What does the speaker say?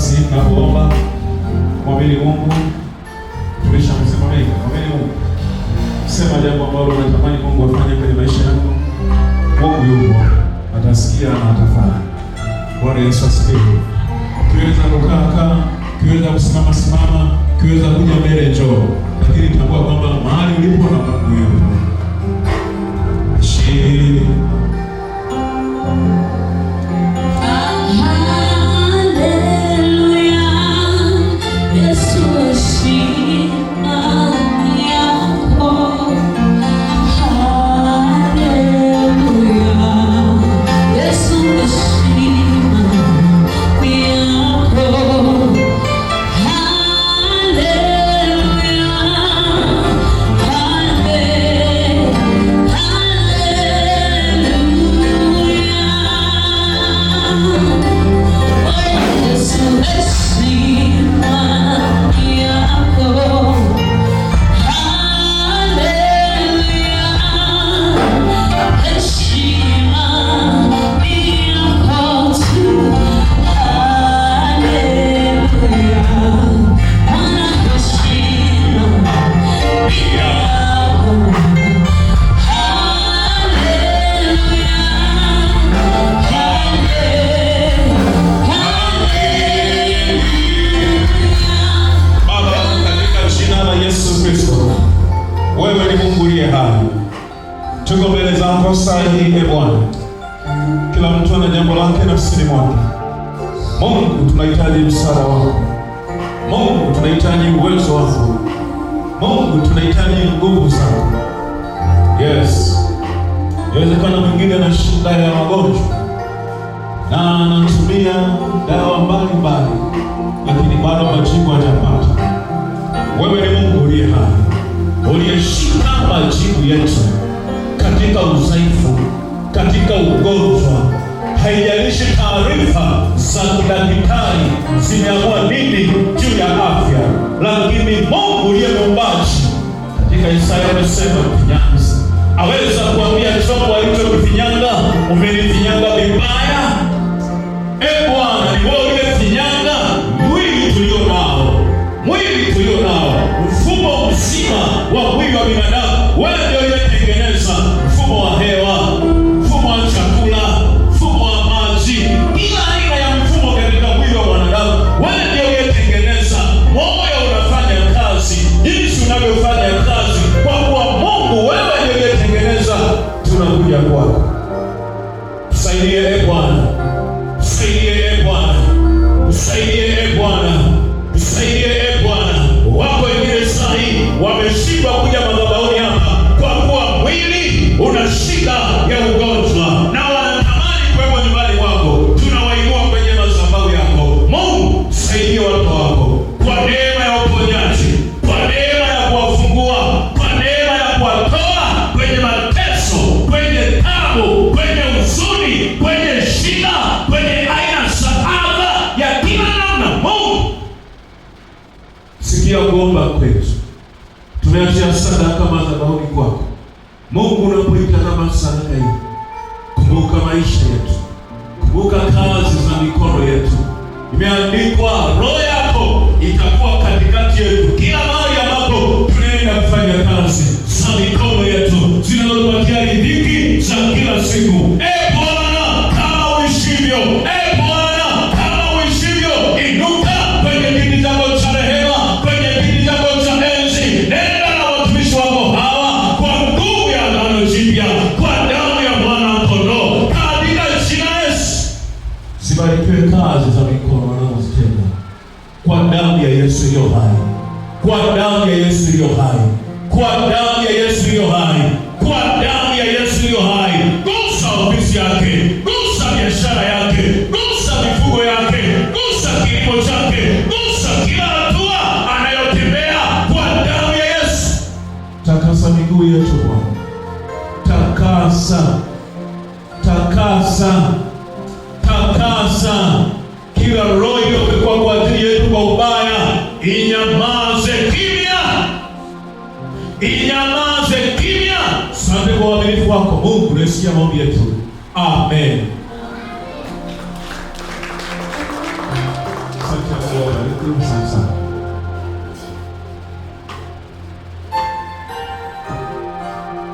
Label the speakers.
Speaker 1: nafasi na kuomba mwamini Mungu, tulisha kusema mengi. Mwamini Mungu, sema jambo ambalo unatamani Mungu afanye kwenye maisha yako. Mungu yupo, atasikia na atafanya. Bwana Yesu asifiwe. Ukiweza kukaa kaa, ukiweza kusimama simama, ukiweza kuja mbele njoo, lakini tambua kwamba mahali ulipo na Mungu yupo. kosa saa e Bwana, kila mtu ana jambo lake nafsini mwake. Mungu, tunahitaji msaada wako. Mungu, tunahitaji uwezo wako. Mungu, tunahitaji nguvu zako. Yes, inawezekana mwingine na shida ya magonjwa na anatumia dawa mbalimbali, lakini bado majibu hajapata. Wewe ni Mungu uliye hai, uliyeshinda majibu yetu katika udhaifu, katika ugonjwa. Haijalishi taarifa za kidaktari zimeamua nini juu ya afya, lakini Mungu ndiye Katika Isaya amesema kinyanzi aweza kuambia Mungu unapoitazama sadaka hii, kumbuka maisha yetu, kumbuka kazi za mikono yetu. Imeandikwa, roho yako itakuwa katikati yetu. zile kazi za mikono wanaozitenda kwa damu ya Yesu iliyo hai, kwa damu ya Yesu iliyo hai, kwa damu ya Yesu iliyo hai, kwa damu ya Yesu iliyo hai. Gusa ofisi yake, gusa biashara yake, gusa mifugo yake, gusa kilimo chake, gusa kila hatua anayotembea kwa damu ya Yesu. Takasa miguu yetu inyamaze kimya. Asante kwa uaminifu wako Mungu, nasikia maombi yetu. Amen. Asante kwa uaminifu sana.